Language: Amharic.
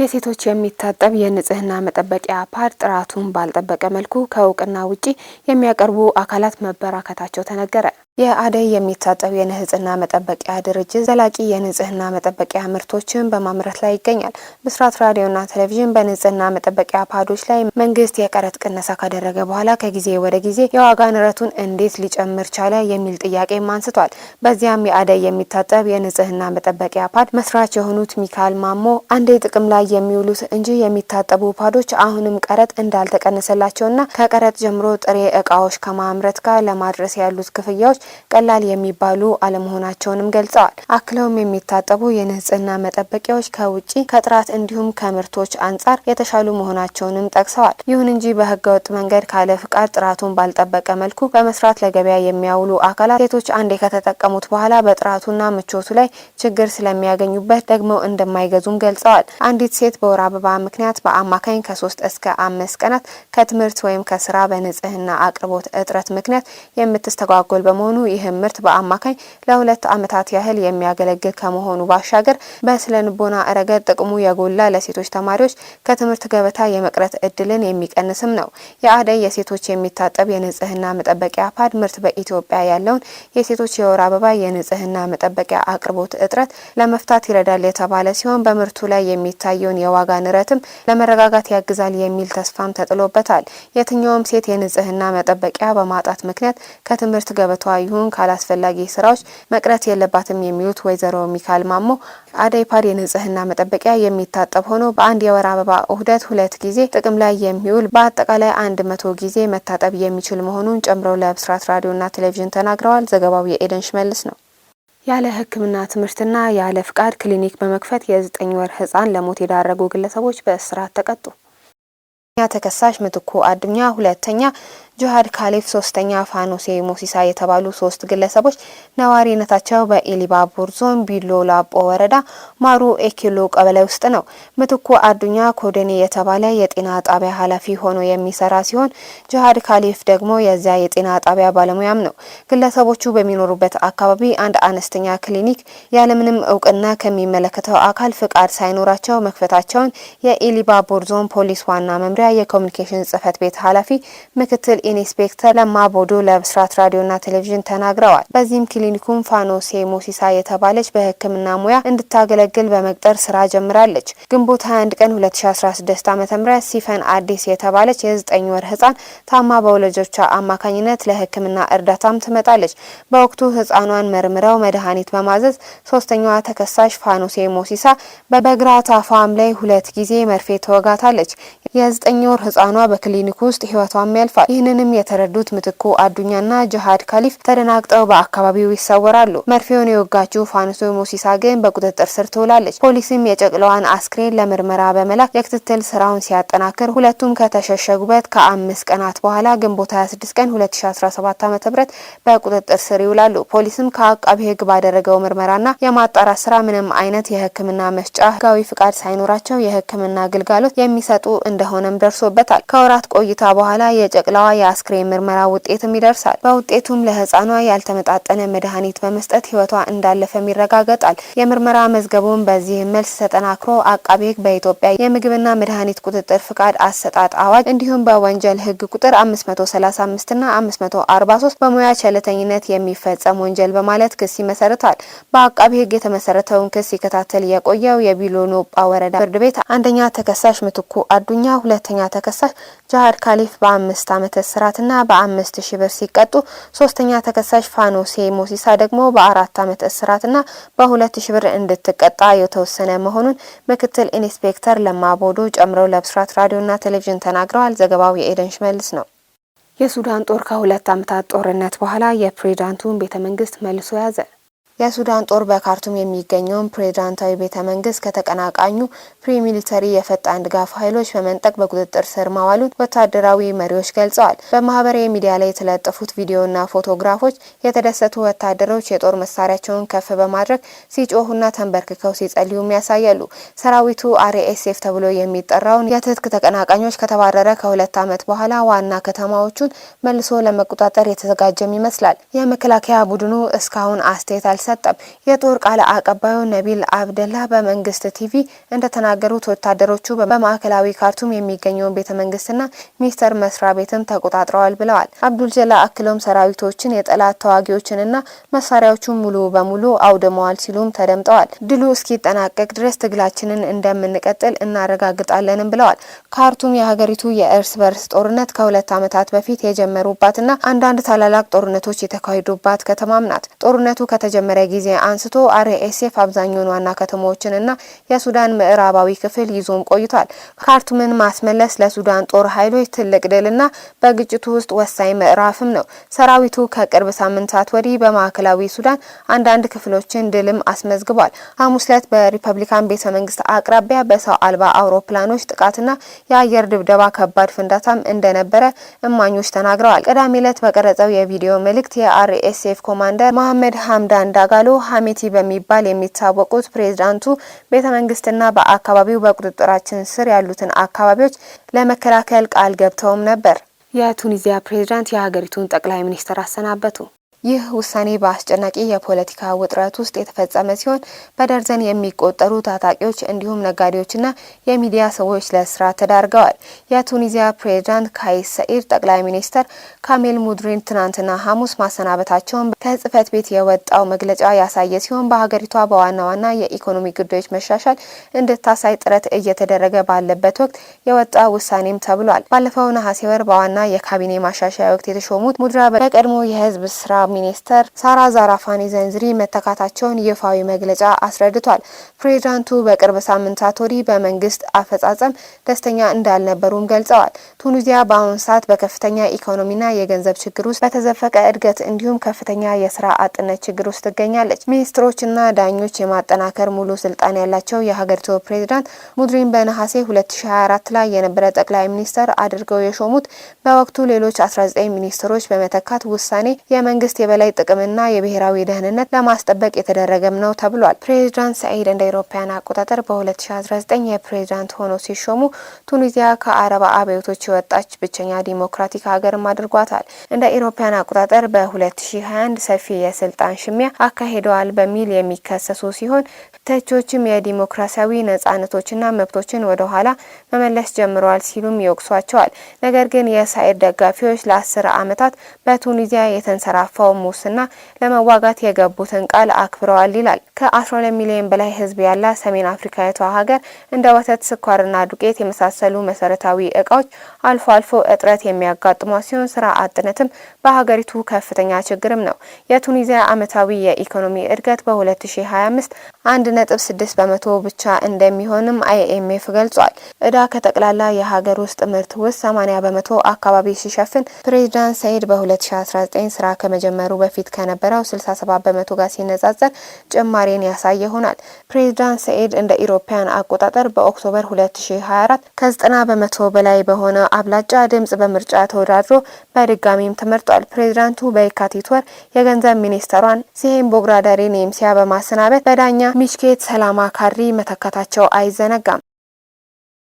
የሴቶች የሚታጠብ የንጽህና መጠበቂያ ፓድ ጥራቱን ባልጠበቀ መልኩ ከእውቅና ውጪ የሚያቀርቡ አካላት መበራከታቸው ተነገረ። የአደይ የሚታጠብ የንጽህና መጠበቂያ ድርጅት ዘላቂ የንጽህና መጠበቂያ ምርቶችን በማምረት ላይ ይገኛል። ብስራት ራዲዮና ቴሌቪዥን በንጽህና መጠበቂያ ፓዶች ላይ መንግስት የቀረጥ ቅነሳ ካደረገ በኋላ ከጊዜ ወደ ጊዜ የዋጋ ንረቱን እንዴት ሊጨምር ቻለ የሚል ጥያቄም አንስቷል። በዚያም የአደይ የሚታጠብ የንጽህና መጠበቂያ ፓድ መስራች የሆኑት ሚካኤል ማሞ አንዴ ጥቅም ላይ የሚውሉት እንጂ የሚታጠቡ ፓዶች አሁንም ቀረጥ እንዳልተቀነሰላቸውና ከቀረጥ ጀምሮ ጥሬ እቃዎች ከማምረት ጋር ለማድረስ ያሉት ክፍያዎች ቀላል የሚባሉ አለመሆናቸውንም ገልጸዋል። አክለውም የሚታጠቡ የንጽህና መጠበቂያዎች ከውጪ ከጥራት እንዲሁም ከምርቶች አንጻር የተሻሉ መሆናቸውንም ጠቅሰዋል። ይሁን እንጂ በህገወጥ መንገድ ካለ ፍቃድ ጥራቱን ባልጠበቀ መልኩ በመስራት ለገበያ የሚያውሉ አካላት ሴቶች አንዴ ከተጠቀሙት በኋላ በጥራቱና ምቾቱ ላይ ችግር ስለሚያገኙበት ደግሞ እንደማይገዙም ገልጸዋል። አንዲት ሴት በወር አበባ ምክንያት በአማካኝ ከሶስት እስከ አምስት ቀናት ከትምህርት ወይም ከስራ በንጽህና አቅርቦት እጥረት ምክንያት የምትስተጓጎል በመሆኑ በመሆኑ ይህም ምርት በአማካኝ ለሁለት ዓመታት ያህል የሚያገለግል ከመሆኑ ባሻገር በስነልቦና ረገድ ጥቅሙ የጎላ ለሴቶች ተማሪዎች ከትምህርት ገበታ የመቅረት እድልን የሚቀንስም ነው። የአደይ የሴቶች የሚታጠብ የንጽህና መጠበቂያ ፓድ ምርት በኢትዮጵያ ያለውን የሴቶች የወር አበባ የንጽህና መጠበቂያ አቅርቦት እጥረት ለመፍታት ይረዳል የተባለ ሲሆን በምርቱ ላይ የሚታየውን የዋጋ ንረትም ለመረጋጋት ያግዛል የሚል ተስፋም ተጥሎበታል። የትኛውም ሴት የንጽህና መጠበቂያ በማጣት ምክንያት ከትምህርት ገበቷ ይሁን ካላስፈላጊ ስራዎች መቅረት የለባትም የሚሉት ወይዘሮ ሚካኤል ማሞ አደይ ፓድ የንጽህና መጠበቂያ የሚታጠብ ሆኖ በአንድ የወር አበባ ውህደት ሁለት ጊዜ ጥቅም ላይ የሚውል በአጠቃላይ አንድ መቶ ጊዜ መታጠብ የሚችል መሆኑን ጨምረው ለብስራት ራዲዮና ቴሌቪዥን ተናግረዋል። ዘገባው የኤደን ሽመልስ ነው። ያለ ሕክምና ትምህርትና ያለ ፍቃድ ክሊኒክ በመክፈት የዘጠኝ ወር ህፃን ለሞት የዳረጉ ግለሰቦች በእስራት ተቀጡ። ተከሳሽ ምትኩ አድኛ ሁለተኛ ጅሃድ ካሊፍ፣ ሶስተኛ ፋኖሴ ሞሲሳ የተባሉ ሶስት ግለሰቦች ነዋሪነታቸው በኢሊባቡር ዞን ቢሎ ላቦ ወረዳ ማሩ ኤኪሎ ቀበሌ ውስጥ ነው። ምትኩ አዱኛ ኮደኔ የተባለ የጤና ጣቢያ ኃላፊ ሆኖ የሚሰራ ሲሆን ጅሃድ ካሊፍ ደግሞ የዚያ የጤና ጣቢያ ባለሙያም ነው። ግለሰቦቹ በሚኖሩበት አካባቢ አንድ አነስተኛ ክሊኒክ ያለምንም እውቅና ከሚመለከተው አካል ፍቃድ ሳይኖራቸው መክፈታቸውን የኢሊባቡር ዞን ፖሊስ ዋና መምሪያ የኮሚኒኬሽን ጽህፈት ቤት ኃላፊ ምክትል ኢንስፔክተር ለማ ቦዶ ለብስራት ራዲዮና ቴሌቪዥን ተናግረዋል። በዚህም ክሊኒኩም ፋኖሴ ሞሲሳ የተባለች በሕክምና ሙያ እንድታገለግል በመቅጠር ስራ ጀምራለች። ግንቦት 21 ቀን 2016 ዓ ም ሲፈን አዲስ የተባለች የ9 ወር ህጻን ታማ በወላጆቿ አማካኝነት ለሕክምና እርዳታም ትመጣለች። በወቅቱ ህጻኗን መርምረው መድኃኒት በማዘዝ ሶስተኛዋ ተከሳሽ ፋኖሴ ሞሲሳ በግራ ታፋም ላይ ሁለት ጊዜ መርፌ ተወጋታለች። የዘጠኝ ወር ህጻኗ በክሊኒክ ውስጥ ህይወቷም ያልፋል። ይህንን ይህንንም የተረዱት ምትኩ አዱኛና ጅሃድ ካሊፍ ተደናግጠው በአካባቢው ይሰወራሉ። መርፌውን የወጋችው ፋንሶ ሞሲሳ ግን በቁጥጥር ስር ትውላለች። ፖሊስም የጨቅላዋን አስክሬን ለምርመራ በመላክ የክትትል ስራውን ሲያጠናክር ሁለቱም ከተሸሸጉበት ከአምስት ቀናት በኋላ ግንቦት 26 ቀን 2017 ዓ.ም በቁጥጥር ስር ይውላሉ። ፖሊስም ከአቃቢ ሕግ ባደረገው ምርመራና የማጣራት ስራ ምንም አይነት የሕክምና መስጫ ህጋዊ ፍቃድ ሳይኖራቸው የሕክምና ግልጋሎት የሚሰጡ እንደሆነም ደርሶበታል። ከወራት ቆይታ በኋላ የጨቅላዋ የአስክሬን ምርመራ ውጤትም ይደርሳል። በውጤቱም ለህፃኗ ያልተመጣጠነ መድኃኒት በመስጠት ህይወቷ እንዳለፈም ይረጋገጣል። የምርመራ መዝገቡን በዚህ መልስ ተጠናክሮ አቃቤ ህግ በኢትዮጵያ የምግብና መድኃኒት ቁጥጥር ፍቃድ አሰጣጥ አዋጅ እንዲሁም በወንጀል ህግ ቁጥር 535 ና 543 በሙያ ቸለተኝነት የሚፈጸም ወንጀል በማለት ክስ ይመሰርታል። በአቃቤ ህግ የተመሰረተውን ክስ ይከታተል የቆየው የቢሎኖጳ ወረዳ ፍርድ ቤት አንደኛ ተከሳሽ ምትኩ አዱኛ፣ ሁለተኛ ተከሳሽ ጃሃድ ካሊፍ በአምስት አመት እስራትና በአምስት ሺ ብር ሲቀጡ ሶስተኛ ተከሳሽ ፋኖሴ ሞሲሳ ደግሞ በአራት ዓመት እስራትና በሁለት ሺ ብር እንድትቀጣ የተወሰነ መሆኑን ምክትል ኢንስፔክተር ለማቦዶ ጨምረው ለብስራት ራዲዮና ቴሌቪዥን ተናግረዋል። ዘገባው የኤደን ሽመልስ ነው። የሱዳን ጦር ከሁለት ዓመታት ጦርነት በኋላ የፕሬዝዳንቱን ቤተ መንግስት መልሶ ያዘ። የሱዳን ጦር በካርቱም የሚገኘውን ፕሬዝዳንታዊ ቤተ መንግስት ከተቀናቃኙ ፕሪ ሚሊተሪ የፈጣን ድጋፍ ኃይሎች በመንጠቅ በቁጥጥር ስር ማዋሉን ወታደራዊ መሪዎች ገልጸዋል። በማህበራዊ ሚዲያ ላይ የተለጠፉት ቪዲዮና ፎቶግራፎች የተደሰቱ ወታደሮች የጦር መሳሪያቸውን ከፍ በማድረግ ሲጮሁና ተንበርክከው ሲጸልዩም ያሳያሉ። ሰራዊቱ አርኤስኤፍ ተብሎ የሚጠራውን የትጥቅ ተቀናቃኞች ከተባረረ ከሁለት ዓመት በኋላ ዋና ከተማዎቹን መልሶ ለመቆጣጠር የተዘጋጀም ይመስላል። የመከላከያ ቡድኑ እስካሁን አስተያየት አልሰ አልሰጠም። የጦር ቃል አቀባዩ ነቢል አብደላ በመንግስት ቲቪ እንደተናገሩት ወታደሮቹ በማዕከላዊ ካርቱም የሚገኘውን ቤተ መንግስትና ሚኒስቴር መስሪያ ቤትም ተቆጣጥረዋል ብለዋል። አብዱልጀላ አክለውም ሰራዊቶችን የጠላት ተዋጊዎችንና መሳሪያዎቹን ሙሉ በሙሉ አውድመዋል ሲሉም ተደምጠዋል። ድሉ እስኪጠናቀቅ ድረስ ትግላችንን እንደምንቀጥል እናረጋግጣለንም ብለዋል። ካርቱም የሀገሪቱ የእርስ በርስ ጦርነት ከሁለት ዓመታት በፊት የጀመሩባትና አንዳንድ ታላላቅ ጦርነቶች የተካሄዱባት ከተማም ናት። ጦርነቱ ከተጀመረ ጊዜ አንስቶ አርኤስኤፍ አብዛኛውን ዋና ከተሞችንና የሱዳን ምዕራባዊ ክፍል ይዞም ቆይቷል። ካርቱምን ማስመለስ ለሱዳን ጦር ኃይሎች ትልቅ ድልና በግጭቱ ውስጥ ወሳኝ ምዕራፍም ነው። ሰራዊቱ ከቅርብ ሳምንታት ወዲህ በማዕከላዊ ሱዳን አንዳንድ ክፍሎችን ድልም አስመዝግቧል። ሐሙስ ዕለት በሪፐብሊካን ቤተ መንግስት አቅራቢያ በሰው አልባ አውሮፕላኖች ጥቃትና የአየር ድብደባ ከባድ ፍንዳታም እንደነበረ እማኞች ተናግረዋል። ቅዳሜ ዕለት በቀረጸው የቪዲዮ መልእክት የአርኤስኤፍ ኮማንደር መሐመድ ሀምዳን ዳጋሎ ሀሚቲ በሚባል የሚታወቁት ፕሬዝዳንቱ ቤተ መንግስትና በአካባቢው በቁጥጥራችን ስር ያሉትን አካባቢዎች ለመከላከል ቃል ገብተውም ነበር። የቱኒዚያ ፕሬዝዳንት የሀገሪቱን ጠቅላይ ሚኒስትር አሰናበቱ። ይህ ውሳኔ በአስጨናቂ የፖለቲካ ውጥረት ውስጥ የተፈጸመ ሲሆን በደርዘን የሚቆጠሩ ታጣቂዎች እንዲሁም ነጋዴዎችና የሚዲያ ሰዎች ለእስራት ተዳርገዋል። የቱኒዚያ ፕሬዚዳንት ካይስ ሰኢድ ጠቅላይ ሚኒስተር ካሜል ሙድሪን ትናንትና ሐሙስ ማሰናበታቸውን ከጽህፈት ቤት የወጣው መግለጫ ያሳየ ሲሆን በሀገሪቷ በዋና ዋና የኢኮኖሚ ጉዳዮች መሻሻል እንድታሳይ ጥረት እየተደረገ ባለበት ወቅት የወጣ ውሳኔም ተብሏል። ባለፈው ነሐሴ ወር በዋና የካቢኔ ማሻሻያ ወቅት የተሾሙት ሙድራ በቀድሞ የህዝብ ስራ ሚኒስተር ሳራ ዛራፋኒ ዘንዝሪ መተካታቸውን ይፋዊ መግለጫ አስረድቷል። ፕሬዚዳንቱ በቅርብ ሳምንታት ወዲህ በመንግስት አፈጻጸም ደስተኛ እንዳልነበሩም ገልጸዋል። ቱኒዚያ በአሁኑ ሰዓት በከፍተኛ ኢኮኖሚና የገንዘብ ችግር ውስጥ በተዘፈቀ እድገት እንዲሁም ከፍተኛ የስራ አጥነት ችግር ውስጥ ትገኛለች። ሚኒስትሮችና ዳኞች የማጠናከር ሙሉ ስልጣን ያላቸው የሀገሪቱ ፕሬዚዳንት ሙድሪን በነሐሴ 2024 ላይ የነበረ ጠቅላይ ሚኒስተር አድርገው የሾሙት በወቅቱ ሌሎች 19 ሚኒስትሮች በመተካት ውሳኔ የመንግስት የበላይ ጥቅምና የብሔራዊ ደህንነት ለማስጠበቅ የተደረገም ነው ተብሏል። ፕሬዚዳንት ሰኢድ እንደ አውሮፓውያን አቆጣጠር በ2019 የፕሬዚዳንት ሆኖ ሲሾሙ ቱኒዚያ ከአረብ አብዮቶች የወጣች ብቸኛ ዲሞክራቲክ ሀገርም አድርጓታል። እንደ አውሮፓውያን አቆጣጠር በ2021 ሰፊ የስልጣን ሽሚያ አካሂደዋል በሚል የሚከሰሱ ሲሆን ተቾችም የዲሞክራሲያዊ ነጻነቶችና መብቶችን ወደ ኋላ መመለስ ጀምረዋል ሲሉም ይወቅሷቸዋል። ነገር ግን የሳኢድ ደጋፊዎች ለአስር ዓመታት በቱኒዚያ የተንሰራፋው ሙስና ለመዋጋት የገቡትን ቃል አክብረዋል ይላል። ከ12 ሚሊዮን በላይ ህዝብ ያላት ሰሜን አፍሪካዊቷ ሀገር እንደ ወተት፣ ስኳርና ዱቄት የመሳሰሉ መሰረታዊ እቃዎች አልፎ አልፎ እጥረት የሚያጋጥሟ ሲሆን ስራ አጥነትም በሀገሪቱ ከፍተኛ ችግርም ነው። የቱኒዚያ ዓመታዊ የኢኮኖሚ እድገት በ2025 አንድ ነጥብ ስድስት በመቶ ብቻ እንደሚሆንም አይኤምኤፍ ገልጿል። እዳ ከጠቅላላ የሀገር ውስጥ ምርት ውስጥ ሰማኒያ በመቶ አካባቢ ሲሸፍን ፕሬዚዳንት ሰይድ በ2019 ስራ ከመጀመሩ በፊት ከነበረው 67 በመቶ ጋር ሲነጻጸር ጭማሪን ያሳይ ሆናል። ፕሬዚዳንት ሰይድ እንደ ኢሮፓያን አቆጣጠር በኦክቶበር 2024 ከ90 በመቶ በላይ በሆነ አብላጫ ድምጽ በምርጫ ተወዳድሮ በድጋሚም ተመርጧል። ፕሬዚዳንቱ በየካቲት ወር የገንዘብ ሚኒስተሯን ሲሄን ቦግራ ደሬን በማሰናበት በዳኛ ሚሽ ስኬት ሰላማ ካሪ መተካታቸው አይዘነጋም።